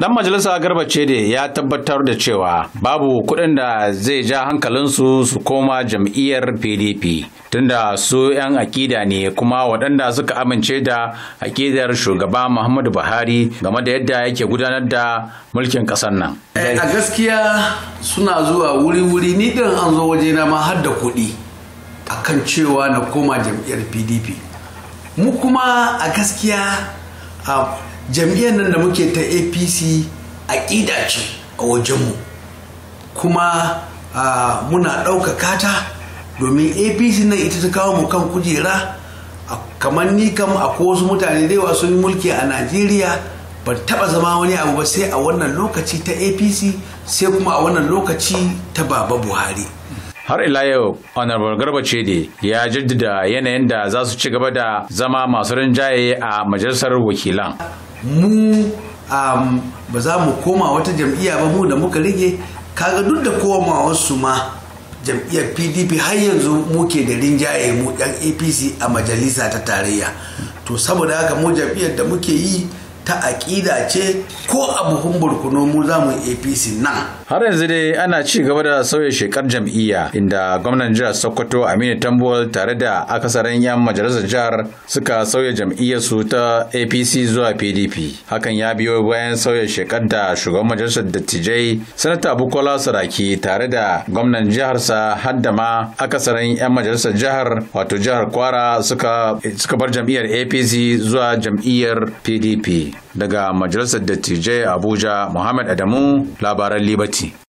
Dan majalisa Garba da ya tabbatar da cewa babu kuɗin da zai ja hankalinsu su koma jam'iyyar PDP tunda su 'yan akida ne kuma waɗanda suka amince da akidar shugaba Muhammadu Buhari game da yadda yake gudanar da mulkin ƙasar nan. Eh, a gaskiya suna zuwa wuri-wuri ni ɗin an zo wajena ma har da kuɗi akan cewa na koma jam'iyyar PDP. Mu kuma a gaskiya a jam'iyyar nan da muke ta apc aƙida ce a wajenmu kuma muna ɗaukaka ta domin apc nan ita ta kawo mu kan kujera kamar ni kam a wasu mutane dai wasu yi mulki a najeriya ban taɓa zama wani abu ba sai a wannan lokaci ta apc sai kuma a wannan lokaci ta baba buhari har ila yau honorable garba da ya jaddada yanayin da za su ci gaba da zama masu rinjaye a majalisar wakilan mu um, ba za mu koma wata jam'iyya ba mu da muka rige kaga duk da koma wasu ma jam'iyyar pdp har yanzu muke da rinjaye mu yan apc a majalisa ta tarayya to saboda haka mu jam'iyyar da muke yi ta aƙida ce ko a buhun burkuno mu za mu apc nan har yanzu dai ana ci gaba da sauya shekar jam'iyya inda gwamnan jihar sokoto aminu tambuwal tare da akasaran yan majalisar jihar suka sauya jam'iyyar su ta apc zuwa pdp hakan ya biyo bayan sauya shekar da shugaban majalisar dattijai sanata bukola saraki tare da gwamnan jiharsa haddama akasarin yan majalisar jihar wato jihar kwara suka bar jam'iyyar apc zuwa jam'iyyar pdp daga Majalisar Dattijai Abuja Muhammad Adamu labaran Libati.